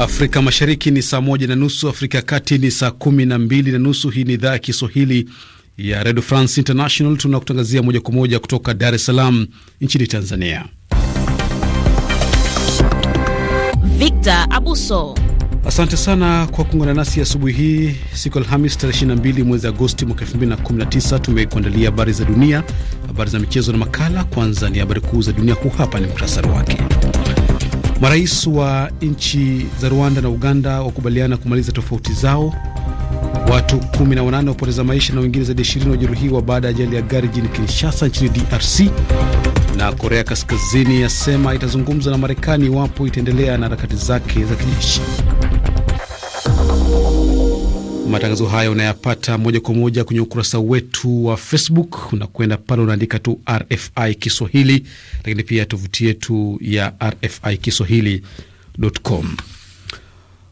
Afrika Mashariki ni saa moja na nusu, Afrika ya Kati ni saa kumi na mbili na nusu. Hii ni idhaa ya Kiswahili ya Redio France International. Tunakutangazia moja kwa moja kutoka Dar es Salaam nchini Tanzania. Victor Abuso, asante sana kwa kuungana nasi asubuhi hii, siku Alhamis tarehe 22 mwezi Agosti mwaka 2019. Tumekuandalia habari za dunia, habari za michezo na makala. Kwanza ni habari kuu za dunia, huu hapa ni muhtasari wake. Marais wa nchi za Rwanda na Uganda wakubaliana kumaliza tofauti zao. Watu 18 wapoteza maisha na wengine zaidi ya 20 wajeruhiwa baada ya ajali ya gari jini Kinshasa nchini DRC. Na Korea Kaskazini yasema itazungumza na Marekani iwapo itaendelea na harakati zake za kijeshi. Matangazo hayo unayapata moja kwa moja kwenye ukurasa wetu wa Facebook. Unakwenda pale unaandika tu RFI Kiswahili, lakini pia tovuti yetu ya RFI Kiswahili.com.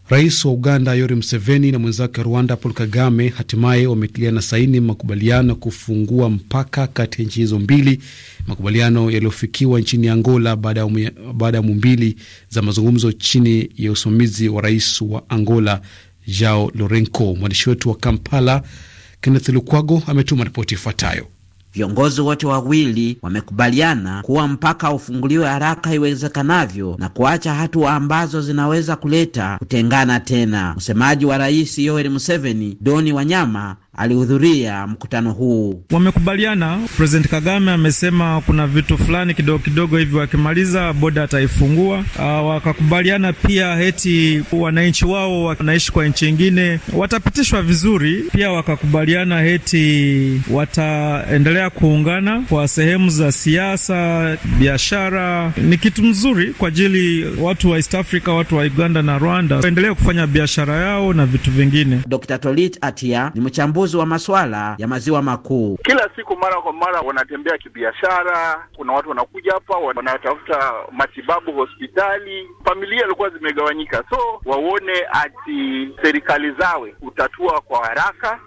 Rais wa Uganda Yoweri Museveni na mwenzake Rwanda Paul Kagame hatimaye wametiliana saini makubaliano ya kufungua mpaka kati ya nchi hizo mbili, makubaliano yaliyofikiwa nchini Angola baada ya mumbili za mazungumzo chini ya usimamizi wa rais wa Angola Jao Lorenko. Mwandishi wetu wa Kampala Kenneth Lukwago ametuma ripoti ifuatayo. Viongozi wote wawili wamekubaliana kuwa mpaka ufunguliwe haraka iwezekanavyo na kuacha hatua ambazo zinaweza kuleta kutengana tena. Msemaji wa rais Yoweri Museveni, Doni Wanyama, alihudhuria mkutano huu. Wamekubaliana, President Kagame amesema kuna vitu fulani kidogo kidogo hivi, wakimaliza boda ataifungua. Uh, wakakubaliana pia heti wananchi wao wanaishi kwa nchi ingine watapitishwa vizuri. Pia wakakubaliana heti wataendelea kuungana kwa sehemu za siasa, biashara. Ni kitu mzuri kwa ajili watu wa East Africa, watu wa Uganda na Rwanda waendelee kufanya biashara yao na vitu vingine. Dr. Tolit Atia ni mchambuzi uongozi wa masuala ya maziwa makuu. Kila siku mara kwa mara wanatembea kibiashara, kuna watu wanakuja hapa wanatafuta matibabu hospitali. Familia alikuwa zimegawanyika, so waone ati serikali zawe kutatua kwa haraka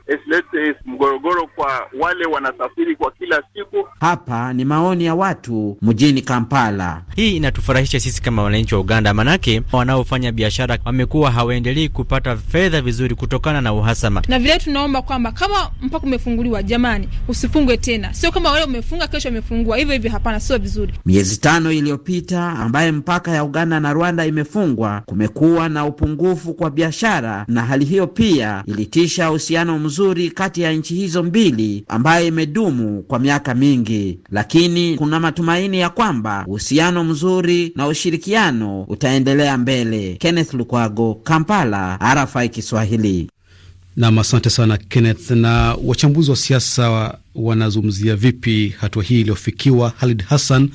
mgorogoro kwa wale wanasafiri kwa kila siku. Hapa ni maoni ya watu mjini Kampala. Hii inatufurahisha sisi kama wananchi wa Uganda, manake wanaofanya biashara wamekuwa hawaendelei kupata fedha vizuri kutokana na uhasama, na vile tunaomba kwamba kama mpaka umefunguliwa, jamani, usifungwe tena. Sio kama wewe umefunga, kesho umefungua hivyo hivyo. Hapana, sio vizuri. Miezi tano iliyopita ambaye mpaka ya Uganda na Rwanda imefungwa, kumekuwa na upungufu kwa biashara, na hali hiyo pia ilitisha uhusiano mzuri kati ya nchi hizo mbili ambayo imedumu kwa miaka mingi, lakini kuna matumaini ya kwamba uhusiano mzuri na ushirikiano utaendelea mbele. Kenneth Lukwago, Kampala, RFI Kiswahili. Nam, asante sana Kenneth. Na wachambuzi wa siasa wanazungumzia vipi hatua hii iliyofikiwa? Halid Hassan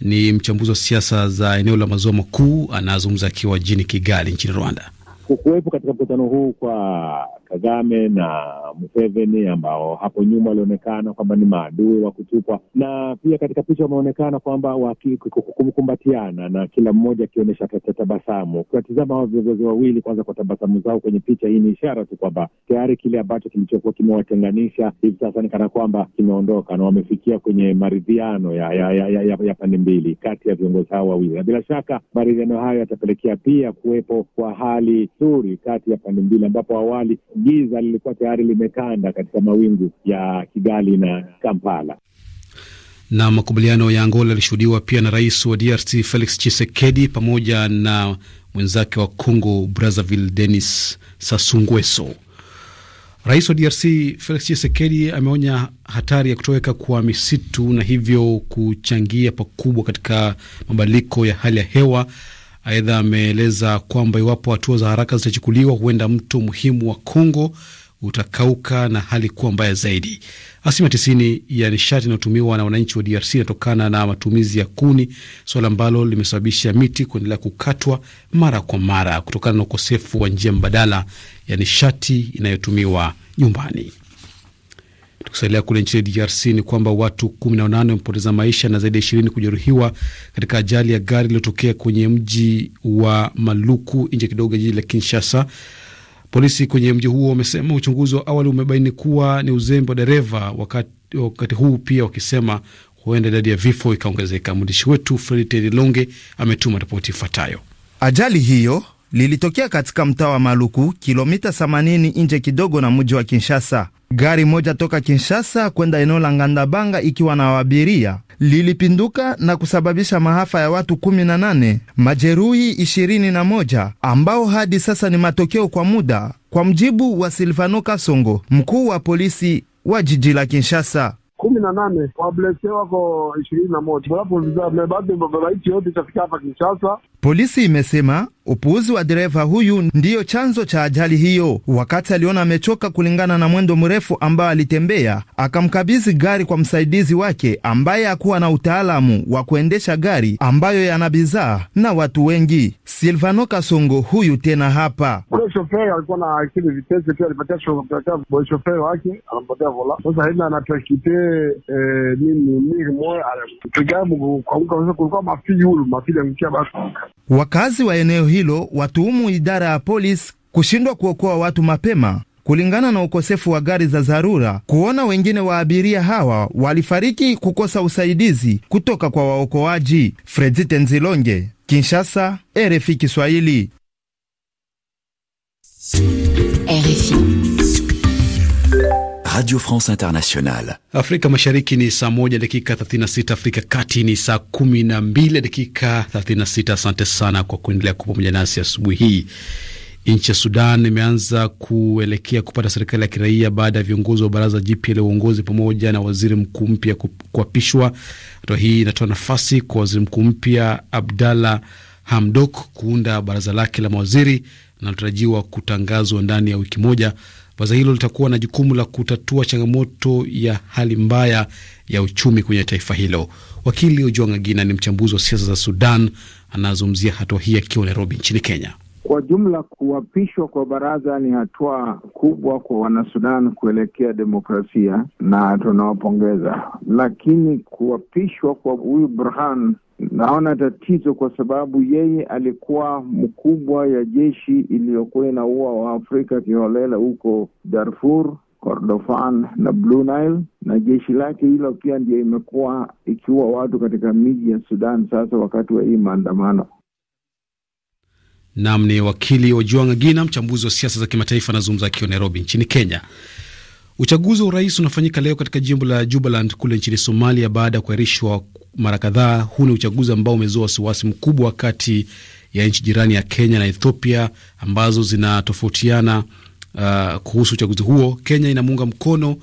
ni mchambuzi wa siasa za eneo la maziwa makuu, anazungumza akiwa jini Kigali nchini Rwanda kukuwepo katika mkutano huu kwa Kagame na Museveni ambao hapo nyuma walionekana kwamba ni maadui wa kutupwa, na pia katika picha wameonekana kwamba wakikumbatiana na kila mmoja akionyesha tabasamu. Ukiwatizama hao viongozi wawili kwanza kwa tabasamu zao kwenye picha hii, ni ishara tu kwamba tayari kile ambacho kilichokuwa kimewatenganisha hivi sasa ni kana kwamba kimeondoka na wamefikia kwenye maridhiano ya, ya, ya, ya, ya, ya pande mbili kati ya viongozi hao wawili, na bila shaka maridhiano hayo yatapelekea pia kuwepo kwa hali nzuri kati ya pande mbili, ambapo awali giza lilikuwa tayari limetanda katika mawingu ya Kigali na Kampala. Na makubaliano ya Angola yalishuhudiwa pia na rais wa DRC Felix Tshisekedi pamoja na mwenzake wa Congo Brazzaville Denis sasungweso Rais wa DRC Felix Tshisekedi ameonya hatari ya kutoweka kwa misitu na hivyo kuchangia pakubwa katika mabadiliko ya hali ya hewa. Aidha, ameeleza kwamba iwapo hatua za haraka zitachukuliwa, huenda mto muhimu wa Kongo utakauka na hali kuwa mbaya zaidi. Asilimia tisini ya nishati inayotumiwa na wananchi wa DRC inatokana na matumizi ya kuni, suala ambalo limesababisha miti kuendelea kukatwa mara kwa mara kutokana na ukosefu wa njia mbadala ya nishati inayotumiwa nyumbani. Tukisalia kule nchini DRC ni kwamba watu 18 wamepoteza maisha na zaidi ya ishirini kujeruhiwa katika ajali ya gari iliyotokea kwenye mji wa Maluku nje kidogo jiji la Kinshasa. Polisi kwenye mji huo wamesema uchunguzi wa awali umebaini kuwa ni uzembe wa dereva, wakati, wakati huu pia wakisema huenda idadi ya vifo ikaongezeka. Mwandishi wetu Fredi Tedilonge ametuma ripoti ifuatayo. Ajali hiyo lilitokea katika mtaa wa Maluku, kilomita 80 nje kidogo na mji wa Kinshasa. Gari moja toka Kinshasa kwenda eneo la Ngandabanga ikiwa na abiria lilipinduka na kusababisha maafa ya watu 18, majeruhi 21, ambao hadi sasa ni matokeo kwa muda, kwa mjibu wa Silvano Kasongo, mkuu wa polisi wa jiji la Kinshasa kumi na nane wablese wako ishirini na moja alapo yote itafika hapa Kinshasa Polisi imesema upuuzi wa dereva huyu ndiyo chanzo cha ajali hiyo. Wakati aliona amechoka kulingana na mwendo mrefu ambao alitembea, akamkabidhi gari kwa msaidizi wake ambaye hakuwa na utaalamu wa kuendesha gari ambayo yana bidhaa na watu wengi. Silvano Kasongo huyu tena hapa, ule alikuwa na akili vitesi, pia alipatia wake, anampatia vola. Sasa hivi eh, nini moya, kulikuwa mafili hulu mafili angukia basi Wakazi wa eneo hilo watuhumu idara ya polisi kushindwa kuokoa watu mapema kulingana na ukosefu wa gari za dharura, kuona wengine wa abiria hawa walifariki kukosa usaidizi kutoka kwa waokoaji. Fredi Tenzilonge, Kinshasa, RFI Kiswahili, RFI. Radio France Internationale. Afrika Mashariki ni saa moja dakika 36, Afrika Kati ni saa 12 dakika 36. Asante sana kwa kuendelea kuwa pamoja nasi asubuhi hii. Nchi ya Sudan imeanza kuelekea kupata serikali ya kiraia baada ya viongozi wa baraza jipya la uongozi pamoja na waziri mkuu mpya kuapishwa. Hatua hii inatoa nafasi kwa waziri mkuu mpya Abdalla Hamdok kuunda baraza lake la mawaziri linalotarajiwa kutangazwa ndani ya wiki moja. Baraza hilo litakuwa na jukumu la kutatua changamoto ya hali mbaya ya uchumi kwenye taifa hilo. Wakili ujuangagina Agina ni mchambuzi wa siasa za Sudan, anazungumzia hatua hii akiwa Nairobi nchini Kenya. Kwa jumla kuapishwa kwa baraza ni hatua kubwa kwa Wanasudan kuelekea demokrasia na tunawapongeza, lakini kuapishwa kwa huyu Burhan Naona tatizo kwa sababu yeye alikuwa mkubwa ya jeshi iliyokuwa inaua Waafrika kiholela huko Darfur, Kordofan na Blue Nile, na jeshi lake hilo pia ndio imekuwa ikiua watu katika miji ya Sudan sasa wakati wa hii maandamano. Nam ni wakili wa Agina, mchambuzi wa siasa za kimataifa, anazungumza akiwa Nairobi nchini Kenya. Uchaguzi wa urais unafanyika leo katika jimbo la Jubaland kule nchini Somalia baada ya kuahirishwa mara kadhaa. Huu ni uchaguzi ambao umezua wasiwasi mkubwa kati ya nchi jirani ya Kenya na Ethiopia ambazo zinatofautiana uh, kuhusu uchaguzi huo. Kenya inamuunga mkono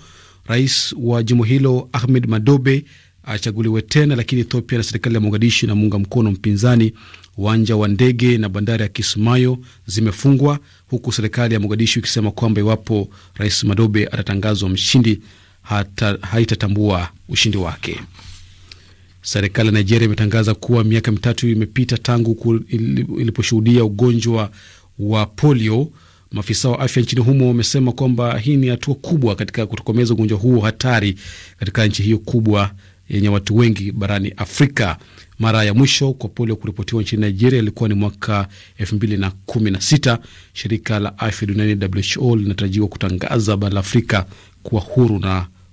rais wa jimbo hilo Ahmed Madobe achaguliwe tena, lakini Ethiopia na serikali ya Mogadishu inamuunga mkono mpinzani. Uwanja wa ndege na bandari ya Kismayo zimefungwa huku serikali ya Mogadishu ikisema kwamba iwapo Rais Madobe atatangazwa mshindi haitatambua ushindi wake. Serikali ya Nigeria imetangaza kuwa miaka mitatu imepita tangu iliposhuhudia ugonjwa wa polio. Maafisa wa afya nchini humo wamesema kwamba hii ni hatua kubwa katika kutokomeza ugonjwa huo hatari katika nchi hiyo kubwa yenye watu wengi barani Afrika. Mara ya mwisho kwa polio kuripotiwa nchini Nigeria ilikuwa ni mwaka 2016. Shirika la afya duniani WHO linatarajiwa kutangaza bara la Afrika kuwa huru na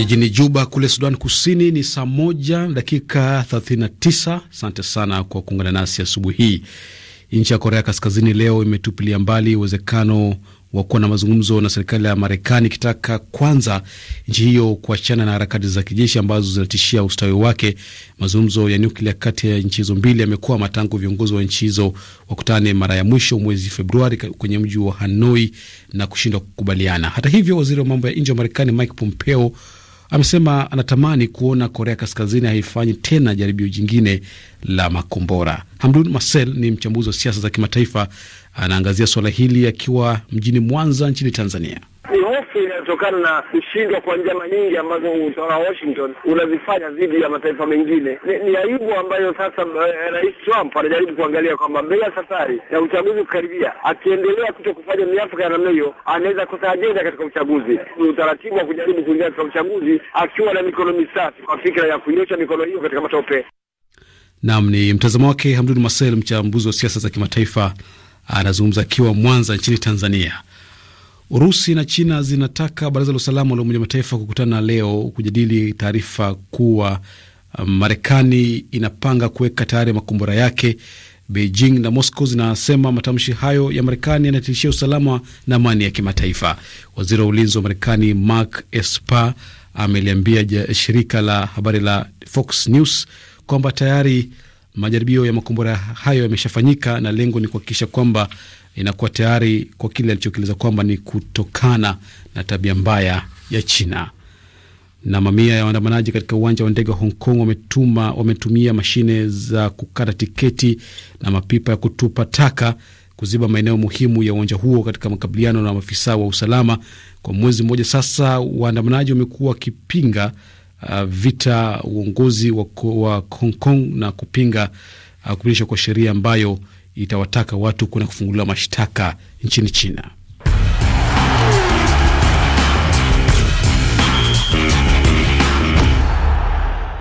Jijini Juba kule Sudan Kusini ni saa moja dakika 39. Asante sana kwa kuungana nasi asubuhi hii. Nchi ya Korea Kaskazini leo imetupilia mbali uwezekano wa kuwa na mazungumzo na serikali ya Marekani, ikitaka kwanza nchi hiyo kuachana na harakati za kijeshi ambazo zinatishia ustawi wake. Mazungumzo ya nyuklia kati ya nchi hizo mbili yamekuwa matangu viongozi wa nchi hizo wakutane mara ya mwisho mwezi Februari kwenye mji wa Hanoi na kushindwa kukubaliana. Hata hivyo, waziri wa mambo ya nje wa Marekani Mike Pompeo amesema anatamani kuona Korea Kaskazini haifanyi tena jaribio jingine la makombora. Hamdun Marcel ni mchambuzi wa siasa za kimataifa, anaangazia suala hili akiwa mjini Mwanza nchini Tanzania. Ni hofu inayotokana na kushindwa kwa njama nyingi ambazo utawala wa Washington unazifanya dhidi ya mataifa mengine. Ni, ni aibu ambayo sasa eh, Rais Trump anajaribu kuangalia kwamba mbele ya safari ya uchaguzi kukaribia, akiendelea kuto kufanya miafaka ya namna hiyo, anaweza kosa ajenda katika uchaguzi. Ni utaratibu wa kujaribu kuingia katika uchaguzi akiwa na mikono misafi, kwa fikira ya kunyosha mikono hiyo katika matope. Naam, ni mtazamo wake Hamdun Masel, mchambuzi wa siasa za kimataifa, anazungumza akiwa Mwanza nchini Tanzania. Urusi na China zinataka baraza la usalama la Umoja wa Mataifa kukutana leo kujadili taarifa kuwa um, Marekani inapanga kuweka tayari makombora yake. Beijing na Moscow zinasema matamshi hayo ya Marekani yanatishia usalama na amani ya kimataifa. Waziri wa ulinzi wa Marekani Mark Esper ameliambia shirika la habari la Fox News kwamba tayari majaribio ya makombora hayo yameshafanyika na lengo ni kuhakikisha kwamba inakuwa tayari kwa kile alichokieleza kwamba ni kutokana na tabia mbaya ya China. Na mamia ya waandamanaji katika uwanja wa ndege wa Hong Kong wametuma, wametumia mashine za kukata tiketi na mapipa ya kutupa taka kuziba maeneo muhimu ya uwanja huo katika makabiliano na maafisa wa usalama. Kwa mwezi mmoja sasa, waandamanaji wamekuwa wakipinga uh, vita uongozi wa, wa Hong Kong na kupinga uh, kupitishwa kwa sheria ambayo itawataka watu kwenda kufunguliwa mashtaka nchini China.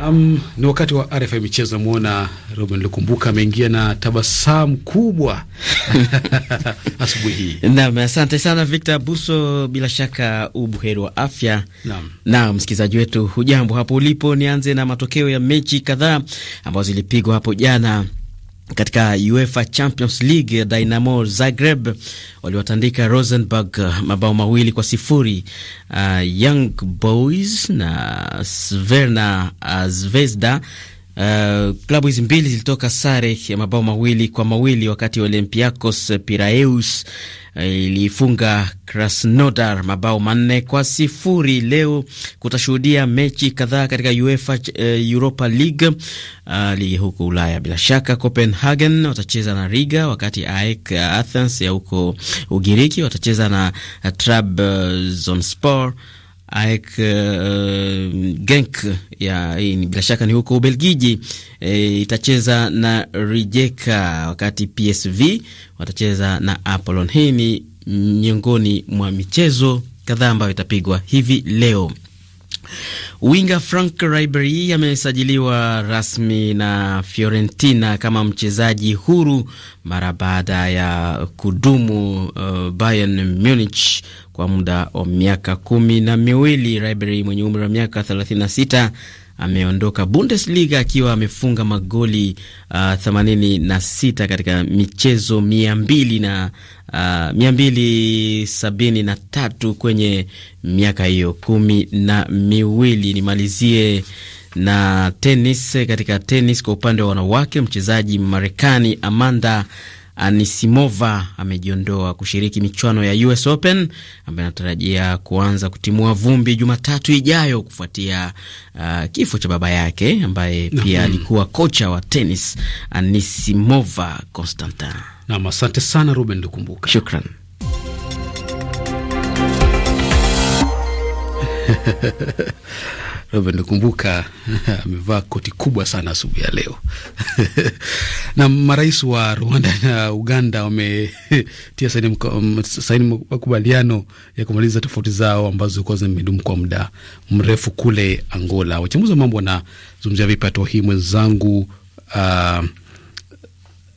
Um, ni wakati wa RFI michezo. Namwona Ruben Lukumbuka ameingia na tabasamu kubwa asubuhi hii. Naam, asante sana Victor Buso, bila shaka ubuheri wa afya. Naam, naam, msikilizaji wetu hujambo hapo ulipo. Nianze na matokeo ya mechi kadhaa ambazo zilipigwa hapo jana katika UEFA Champions League, Dynamo Zagreb waliwatandika Rosenborg uh, mabao mawili kwa sifuri. Uh, Young Boys na Sverna uh, Zvezda Uh, klabu hizi mbili zilitoka sare ya mabao mawili kwa mawili wakati Olympiacos Piraeus Eh, ilifunga Krasnodar mabao manne kwa sifuri. Leo kutashuhudia mechi kadhaa katika UEFA uh, Europa League uh, ligi huko Ulaya. Bila shaka Copenhagen watacheza na Riga, wakati AEK eh, Athens ya huko Ugiriki watacheza na Trabzonspor uh, AEK uh, Genk ya hii bila shaka ni huko Ubelgiji e, itacheza na Rijeka, wakati PSV watacheza na Apollon. Hii ni miongoni mwa michezo kadhaa ambayo itapigwa hivi leo. Winga frank Ribery amesajiliwa rasmi na Fiorentina kama mchezaji huru mara baada ya kudumu uh, Bayern Munich kwa muda wa miaka kumi na miwili. Ribery mwenye umri wa miaka 36 ameondoka Bundesliga akiwa amefunga magoli uh, 86 katika michezo mia mbili na uh, mia mbili sabini na tatu kwenye miaka hiyo kumi na miwili. Nimalizie na tenis. Katika tenis kwa upande wa wanawake, mchezaji Marekani Amanda Anisimova ah, amejiondoa kushiriki michuano ya US Open ambayo anatarajia kuanza kutimua vumbi Jumatatu ijayo kufuatia uh, kifo cha baba yake ambaye pia alikuwa kocha wa tenis. Anisimova ah, Constantin. Nam, asante sana Ruben Dukumbuka, shukran. Robert Ndukumbuka amevaa koti kubwa sana asubuhi ya leo na marais wa Rwanda na Uganda wametia saini makubaliano ya kumaliza tofauti zao ambazo zilikuwa zimedumu kwa muda mrefu kule Angola. Wachambuzi wa mambo wanazungumzia vipi hatua hii? Mwenzangu uh,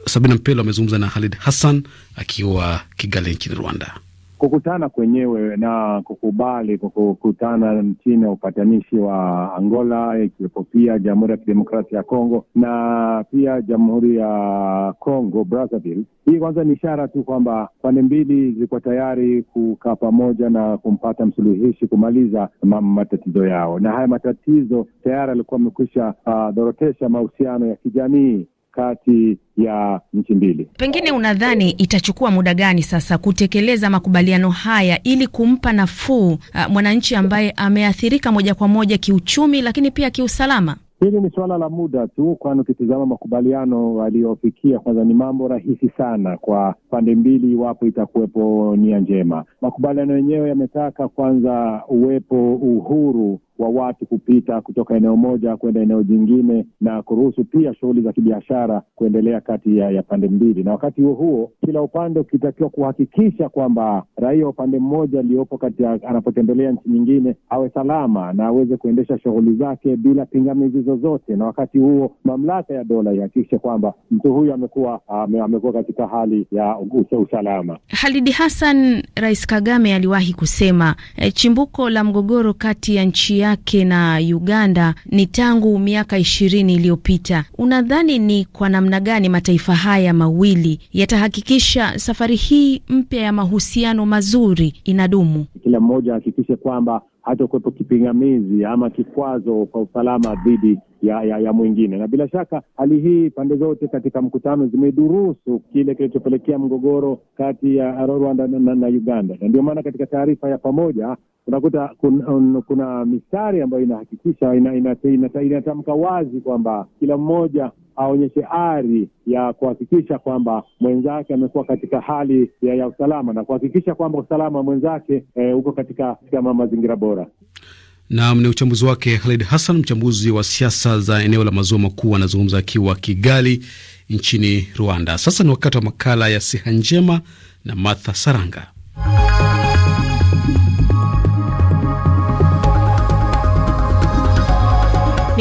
Sabina Mpelo amezungumza na Halid Hassan akiwa Kigali nchini Rwanda kukutana kwenyewe na kukubali kukutana chini ya upatanishi wa Angola, ikiwepo pia Jamhuri ya Kidemokrasia ya Kongo na pia Jamhuri ya Kongo Brazzaville. Hii kwanza ni ishara tu kwamba pande mbili zilikuwa tayari kukaa pamoja na kumpata msuluhishi kumaliza matatizo yao, na haya matatizo tayari alikuwa amekwisha uh, dhorotesha mahusiano ya kijamii kati ya nchi mbili. Pengine unadhani itachukua muda gani sasa kutekeleza makubaliano haya ili kumpa nafuu uh, mwananchi ambaye ameathirika moja kwa moja kiuchumi, lakini pia kiusalama? Hili ni suala la muda tu, kwani ukitizama makubaliano waliofikia, kwanza ni mambo rahisi sana kwa pande mbili, iwapo itakuwepo nia njema. Makubaliano yenyewe yametaka kwanza uwepo uhuru wa watu kupita kutoka eneo moja kwenda eneo jingine na kuruhusu pia shughuli za kibiashara kuendelea kati ya, ya pande mbili. Na wakati huo huo, kila upande ukitakiwa kuhakikisha kwamba raia wa upande mmoja aliyopo kati anapotembelea nchi nyingine awe salama na aweze kuendesha shughuli zake bila pingamizi zozote, na wakati huo mamlaka ya dola ihakikishe kwamba mtu huyu amekuwa amekuwa katika hali ya usalama. Halidi Hassan, Rais Kagame aliwahi kusema eh, chimbuko la mgogoro kati ya nchi yake na Uganda ni tangu miaka ishirini iliyopita. Unadhani ni kwa namna gani mataifa haya mawili yatahakikisha safari hii mpya ya mahusiano mazuri inadumu? Kila mmoja ahakikishe kwamba hata kuwepo kipingamizi ama kikwazo kwa usalama dhidi ya, ya, ya mwingine. Na bila shaka hali hii pande zote katika mkutano zimedurusu kile kilichopelekea mgogoro kati ya Rwanda na, na, na Uganda, na ndio maana katika taarifa ya pamoja unakuta kuna, kuna mistari ambayo inahakikisha inatamka ina, ina, ina, ina wazi kwamba kila mmoja aonyeshe ari ya kuhakikisha kwamba mwenzake amekuwa katika hali ya, ya usalama na kuhakikisha kwamba usalama wa mwenzake e, uko katika, mazingira bora. Naam, ni uchambuzi wake Khalid Hassan, mchambuzi wa siasa za eneo la maziwa makuu, anazungumza akiwa Kigali nchini Rwanda. Sasa ni wakati wa makala ya siha njema na Martha Saranga.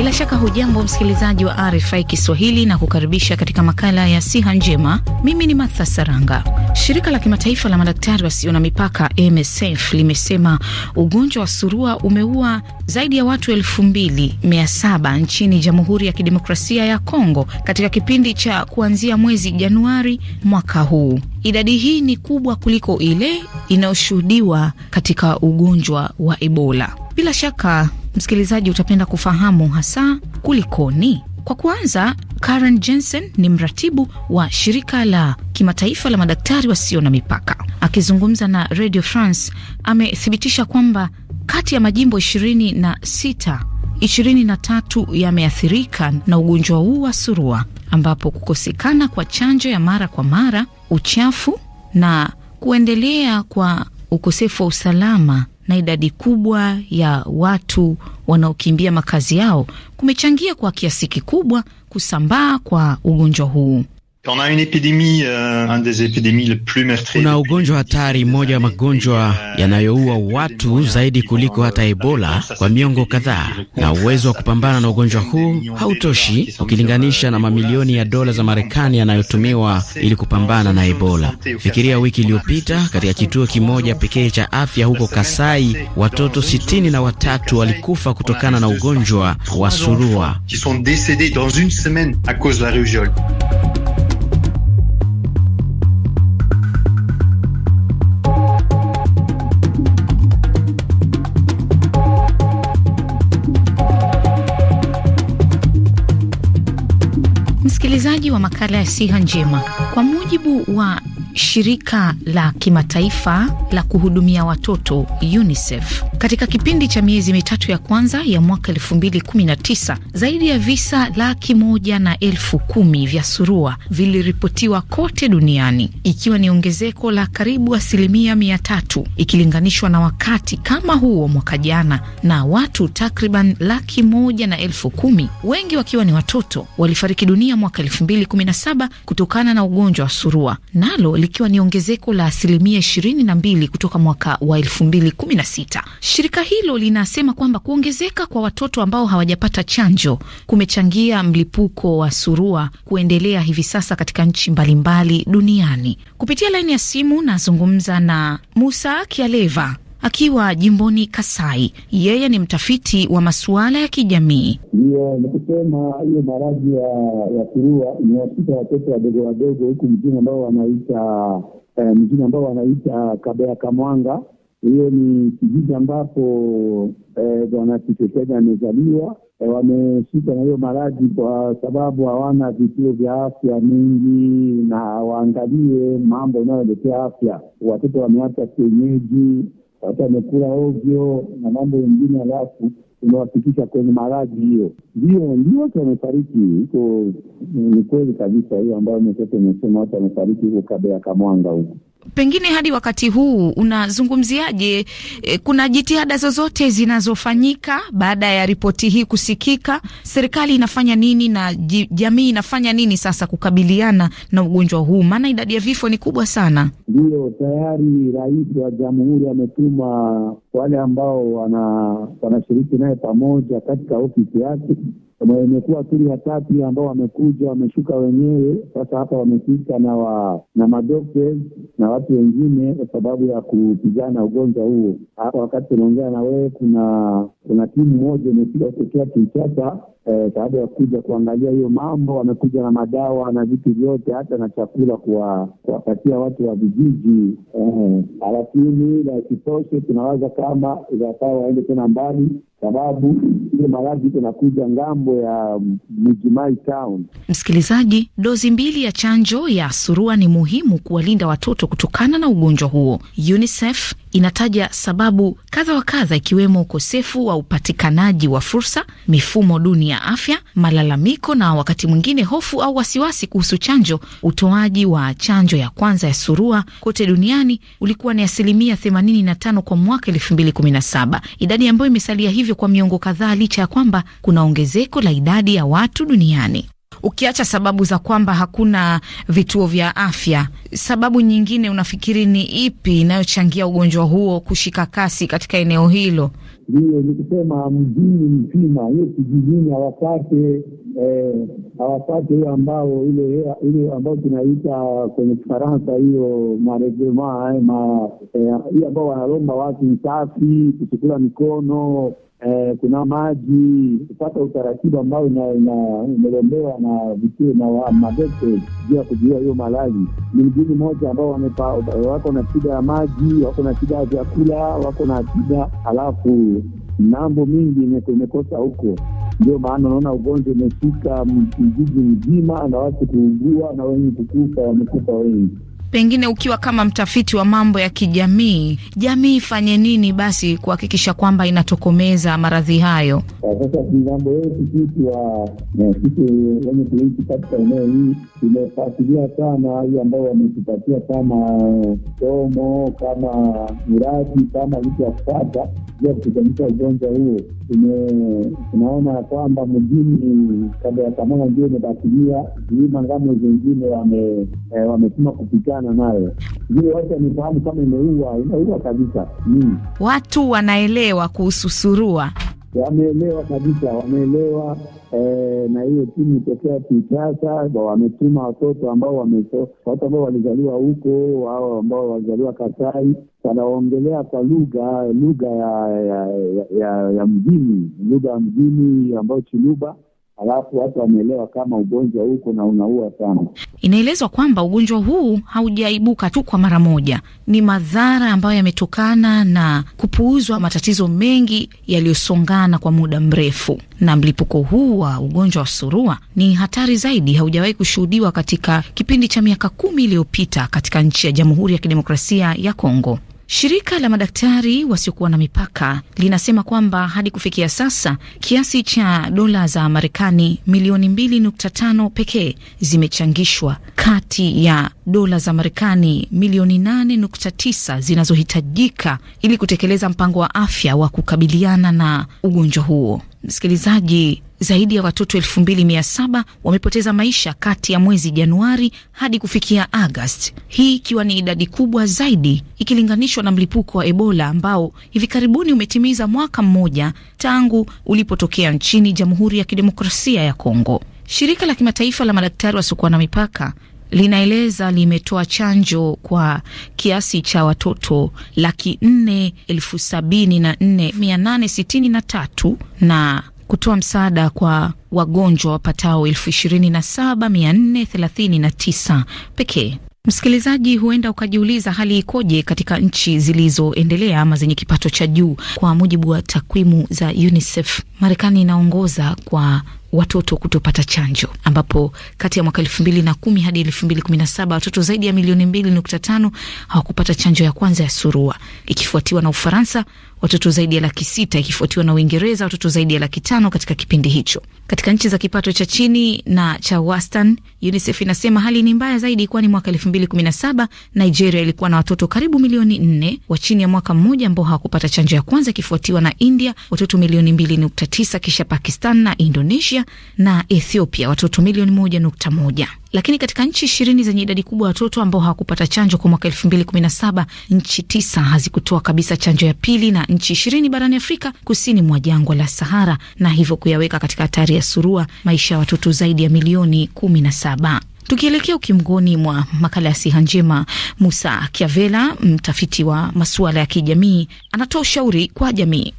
Bila shaka hujambo msikilizaji wa RFI Kiswahili na kukaribisha katika makala ya siha njema. Mimi ni Martha Saranga. Shirika la kimataifa la madaktari wasio na mipaka MSF limesema ugonjwa wa surua umeua zaidi ya watu elfu mbili mia saba nchini Jamhuri ya Kidemokrasia ya Kongo katika kipindi cha kuanzia mwezi Januari mwaka huu. Idadi hii ni kubwa kuliko ile inayoshuhudiwa katika ugonjwa wa Ebola. Bila shaka msikilizaji utapenda kufahamu hasa kulikoni. Kwa kwanza Karen Jensen ni mratibu wa shirika la kimataifa la madaktari wasio na mipaka. Akizungumza na Radio France, amethibitisha kwamba kati ya majimbo ishirini na sita ishirini na tatu yameathirika na ugonjwa huu wa surua, ambapo kukosekana kwa chanjo ya mara kwa mara, uchafu na kuendelea kwa ukosefu wa usalama na idadi kubwa ya watu wanaokimbia makazi yao kumechangia kwa kiasi kikubwa kusambaa kwa ugonjwa huu. Euh, Kuna ugonjwa hatari, moja wa magonjwa euh, yanayoua watu zaidi kuliko hata euh, Ebola kwa miongo kadhaa, na uwezo wa kupambana na ugonjwa huu hautoshi ukilinganisha na mamilioni ya dola za Marekani yanayotumiwa ili kupambana na Ebola. Fikiria, wiki iliyopita katika kituo kimoja pekee cha afya huko Kasai, watoto sitini na watatu walikufa kutokana na ugonjwa wa surua. msikilizaji wa makala ya siha njema. Kwa mujibu wa shirika la kimataifa la kuhudumia watoto UNICEF, katika kipindi cha miezi mitatu ya kwanza ya mwaka 2019 zaidi ya visa laki moja na elfu kumi vya surua viliripotiwa kote duniani, ikiwa ni ongezeko la karibu asilimia mia tatu ikilinganishwa na wakati kama huo mwaka jana, na watu takriban laki moja na elfu kumi wengi wakiwa ni watoto walifariki dunia mwaka 2017 kutokana na ugonjwa wa surua, nalo likiwa ni ongezeko la asilimia 22 kutoka mwaka wa 2016. Shirika hilo linasema kwamba kuongezeka kwa watoto ambao hawajapata chanjo kumechangia mlipuko wa surua kuendelea hivi sasa katika nchi mbalimbali duniani. Kupitia laini ya simu nazungumza na Musa Kialeva akiwa jimboni Kasai. Yeye ni mtafiti wa masuala ya kijamii. Ndiyo, ni kusema hiyo maradhi ya surua imewashika watoto wadogo wadogo huku mjini ambao wanaita eh, mjini ambao wanaita Kabea Kamwanga hiyo ni kijiji ambapo eh, bwana eh, Tshisekedi amezaliwa. E, wameshika na hiyo maradhi kwa sababu hawana vituo vya afya mingi, na waangalie mambo inayoletea afya. Watoto wameacha kienyeji, watu wamekula ovyo na mambo mengine, alafu umewafikisha kwenye maradhi hiyo. Ndio, ndio watu wamefariki huko. Ni kweli kabisa hiyo ambayo mtoto amesema, watu wamefariki huko Kabeya Kamwanga huko Pengine hadi wakati huu unazungumziaje? E, kuna jitihada zozote zinazofanyika baada ya ripoti hii kusikika? Serikali inafanya nini na jamii inafanya nini sasa kukabiliana na ugonjwa huu, maana idadi ya vifo ni kubwa sana? Ndiyo, tayari rais wa jamhuri ametuma wale ambao wanashiriki wana naye pamoja katika ofisi yake imekuwa siri ya tatu ambao wamekuja wameshuka wenyewe. Sasa hapa wamefika na wa, na madokte na watu wengine kwa sababu ya kupigana ugonjwa huo. Hapa wakati tunaongea na wewe, kuna kuna timu moja imefika kutokea Kinshasa eh, baada ya kuja kuangalia hiyo mambo, wamekuja na madawa na vitu vyote, hata na chakula kuwapatia watu wa vijiji eh, lakini na kitoshe, tunawaza kama ikakaa waende tena mbali sababu ile maradhi tunakuja ngambo ya mijimai Town. Msikilizaji, dozi mbili ya chanjo ya surua ni muhimu kuwalinda watoto kutokana na ugonjwa huo. UNICEF inataja sababu kadha wa kadha, ikiwemo ukosefu wa upatikanaji wa fursa, mifumo duni ya afya, malalamiko na wakati mwingine hofu au wasiwasi kuhusu chanjo, utoaji wa chanjo ya kwanza ya surua kote duniani ulikuwa ni asilimia 85 kwa mwaka 2017, idadi ambayo imesalia hivyo kwa miongo kadhaa, licha ya kwamba kuna ongezeko la idadi ya watu duniani. Ukiacha sababu za kwamba hakuna vituo vya afya, sababu nyingine unafikiri ni ipi inayochangia ugonjwa huo kushika kasi katika eneo hilo? hiyo ni kusema mjini mzima, hiyo kijijini hawapate eh, hawapate hiyo ambao ile ile ambao tunaita kwenye Kifaransa hiyo maregema eh, eh, hiyo ambao wanalomba watu msafi, kusukula mikono eh, kuna maji kupata utaratibu ambao imelembewa na vituo na madete juu ya kujua hiyo malali. Ni mjini moja ambao wako na shida ya maji, wako na shida ya vyakula, wako na shida halafu mambo mingi imekosa huko. Ndio maana unaona ugonjwa umefika mjiji mzima na watu kuugua na wengi kukufa, wamekufa wengi. Pengine ukiwa kama mtafiti wa mambo ya kijamii, jamii ifanye nini basi kuhakikisha kwamba inatokomeza maradhi hayo? Sasa migambo yetu sisi wa eh, sisi wenye kuishi katika eneo hii tumefuatilia sana hii ambao wametupatia kama eh, somo, kama miradi, kama vitu ya kupata ia kupiganisha ugonjwa huo tunaona ya kwamba mjini kabla ya kamana ndio imebatilia vilima ngamo zingine eh, wametuma wamesema kupigana nayo vile watu wamefahamu kama imeua imeua kabisa. Hmm. Watu wanaelewa kuhusu surua wameelewa kabisa, wameelewa eh, na hiyo timu tokea Kinshasa wametuma watoto ambao wameto, watu ambao walizaliwa huko au ambao walizaliwa Kasai, wanaongelea kwa lugha lugha ya ya, ya, ya, ya mjini lugha ya mjini ambayo Chiluba halafu watu wameelewa kama ugonjwa huko na unaua sana. Inaelezwa kwamba ugonjwa huu haujaibuka tu kwa mara moja, ni madhara ambayo yametokana na kupuuzwa matatizo mengi yaliyosongana kwa muda mrefu, na mlipuko huu wa ugonjwa wa surua ni hatari zaidi, haujawahi kushuhudiwa katika kipindi cha miaka kumi iliyopita katika nchi ya Jamhuri ya Kidemokrasia ya Kongo. Shirika la madaktari wasiokuwa na mipaka linasema kwamba hadi kufikia sasa kiasi cha dola za Marekani milioni 2.5 pekee zimechangishwa kati ya dola za Marekani milioni 8.9 zinazohitajika ili kutekeleza mpango wa afya wa kukabiliana na ugonjwa huo. Msikilizaji, zaidi ya watoto elfu mbili mia saba wamepoteza maisha kati ya mwezi Januari hadi kufikia Agasti, hii ikiwa ni idadi kubwa zaidi ikilinganishwa na mlipuko wa Ebola ambao hivi karibuni umetimiza mwaka mmoja tangu ulipotokea nchini Jamhuri ya Kidemokrasia ya Kongo. Shirika la kimataifa la madaktari wasiokuwa na mipaka linaeleza limetoa chanjo kwa kiasi cha watoto laki nne elfu sabini na nne mia nane sitini na tatu na kutoa msaada kwa wagonjwa wapatao elfu ishirini na saba mia nne thelathini na tisa pekee. Msikilizaji, huenda ukajiuliza hali ikoje katika nchi zilizoendelea ama zenye kipato cha juu. Kwa mujibu wa takwimu za UNICEF, Marekani inaongoza kwa watoto kutopata chanjo, ambapo kati ya mwaka elfu mbili na kumi hadi elfu mbili kumi na saba watoto zaidi ya milioni mbili nukta tano hawakupata chanjo ya kwanza ya surua, ikifuatiwa na Ufaransa watoto zaidi ya laki sita ikifuatiwa na Uingereza watoto zaidi ya laki tano katika kipindi hicho. Katika nchi za kipato cha chini na cha wastan, UNICEF inasema hali ni mbaya zaidi, kwani mwaka elfu mbili kumi na saba Nigeria ilikuwa na watoto karibu milioni nne wa chini ya mwaka mmoja ambao hawakupata chanjo ya kwanza, ikifuatiwa na India watoto milioni mbili nukta tisa kisha Pakistan na Indonesia na Ethiopia watoto milioni moja nukta moja. Lakini katika nchi ishirini zenye idadi kubwa ya watoto ambao hawakupata chanjo kwa mwaka elfu mbili kumi na saba nchi tisa hazikutoa kabisa chanjo ya pili na nchi ishirini barani Afrika kusini mwa jangwa la Sahara na hivyo kuyaweka katika hatari ya surua maisha ya watoto zaidi ya milioni kumi na saba. Tukielekea ukimgoni mwa makala ya siha njema, Musa Kiavela, mtafiti wa masuala ya kijamii, anatoa ushauri kwa jamii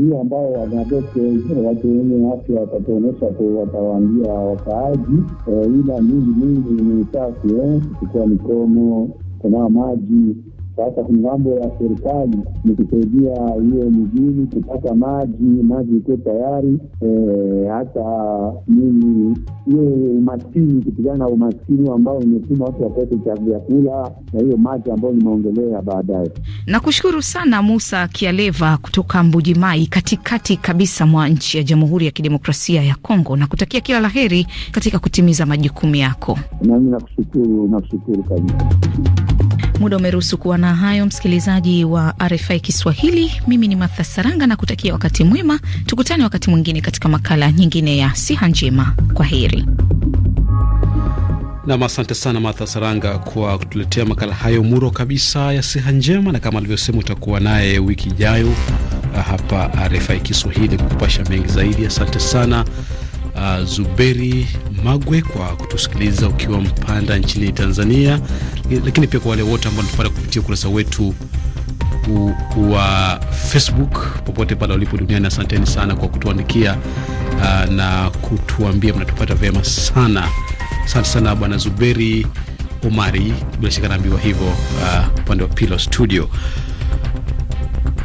hiyo ambayo wanadoke watu wenye afya watatuonyesha watawaambia wakaaji, eh, ila mingi mingi ni safi, eh, kuchukua mikono, kunawa maji sasa mambo ya serikali ni kusaidia hiyo mijini kupata maji, maji ikiwe tayari. Eh, hata nini hiyo umaskini, kupigana na umaskini ambao imetuma watu wakose cha vyakula na hiyo maji ambayo nimeongelea baadaye. Nakushukuru sana Musa Kialeva kutoka Mbujimai, katikati kabisa mwa nchi ya Jamhuri ya Kidemokrasia ya Kongo, na kutakia kila la heri katika kutimiza majukumu yako. Nami nakushukuru, nakushukuru kabisa. Muda umeruhusu kuwa na hayo, msikilizaji wa RFI Kiswahili. Mimi ni Martha Saranga na kutakia wakati mwema, tukutane wakati mwingine katika makala nyingine ya siha njema. Kwa heri. Nam, asante sana Martha Saranga kwa kutuletea makala hayo muro kabisa ya siha njema, na kama alivyosema utakuwa naye wiki ijayo ah, hapa RFI Kiswahili kukupasha mengi zaidi. Asante sana ah, Zuberi Magwe kwa kutusikiliza ukiwa Mpanda nchini Tanzania. Eh, lakini pia kwa wale wote ambao natupata kupitia ukurasa wetu wa Facebook popote pale walipo duniani, asanteni sana kwa kutuandikia uh, na kutuambia mnatupata vyema sana. Asante sana Bwana Zuberi Omari, bila shaka naambiwa hivyo, ah, upande uh, wa Pilo Studio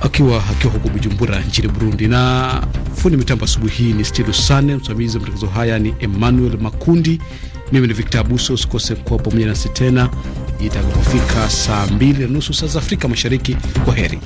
akiwa akiwa huko Bujumbura nchini Burundi. Na fundi mitambo asubuhi hii ni Stilu Sane, msimamizi wa matangazo haya ni Emmanuel Makundi, mimi ni Victor Abuso. Usikose kuwa pamoja nasi tena itakapofika saa mbili na nusu saa za Afrika Mashariki. Kwa heri. Mm.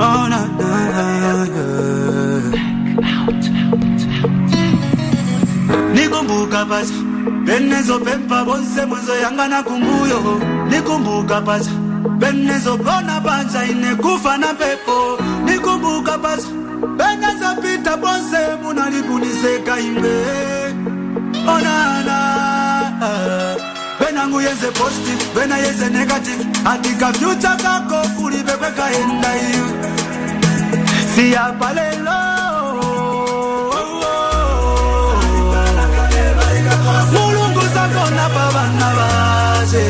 Oh, no, no, no, no. Nikumbuka basi benezo pempa bonse mwizo yanga na kunguyo nikumbuka pacha benezopona panja inekufa na pepo nikumbuka pacha benezopita bonse munalikuniseka imbe onana benangu yeze positive bena yeze negative andika fyucha kako kulibekwe kaenda iyo siyapalelo apa vana vaze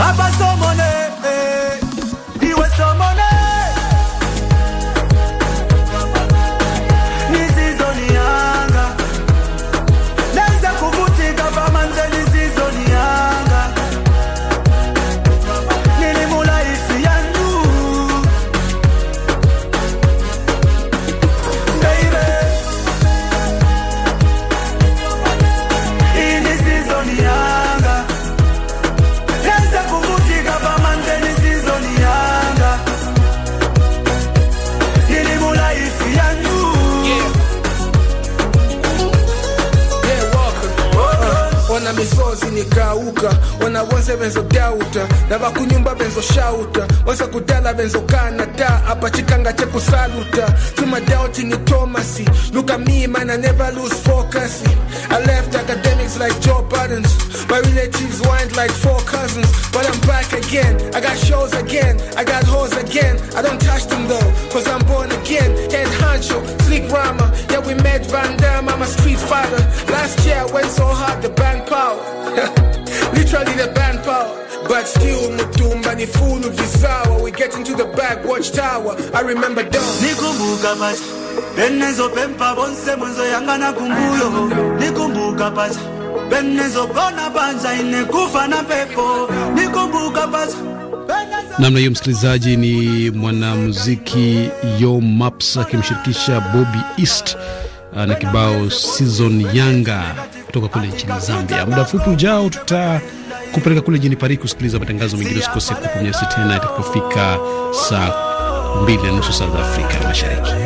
apa so again, head honcho, slick rama. Yeah, we met Van Damme, I'm a street fighter. Last year I went so hard, the band power. Literally the band power. But still mutumba ni fulu visawa We get into the back watchtower I remember dawn Nikumbuka pacha Benezo pempa bonse mwenzo yanga na kumbuyo Nikumbuka pacha Benezo kona banja ine kufa na pepo Nikumbuka pacha namna hiyo, msikilizaji, ni mwanamuziki Yo Maps akimshirikisha Bobby East uh, na kibao Season Yanga kutoka kule nchini Zambia. Muda mfupi ujao tutakupeleka kule jini Paris kusikiliza matangazo mengine. Usikose kupumzika tena itakapofika saa mbili na nusu saa za Afrika Mashariki.